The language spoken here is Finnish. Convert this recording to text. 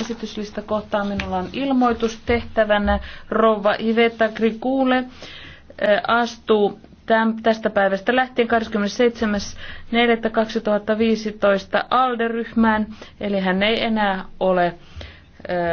esityslista kohtaan minulla on ilmoitus tehtävänä. Rouva Iveta Krikuule eh, astuu tästä päivästä lähtien 27.4.2015 ALDE-ryhmään, eli hän ei enää ole eh,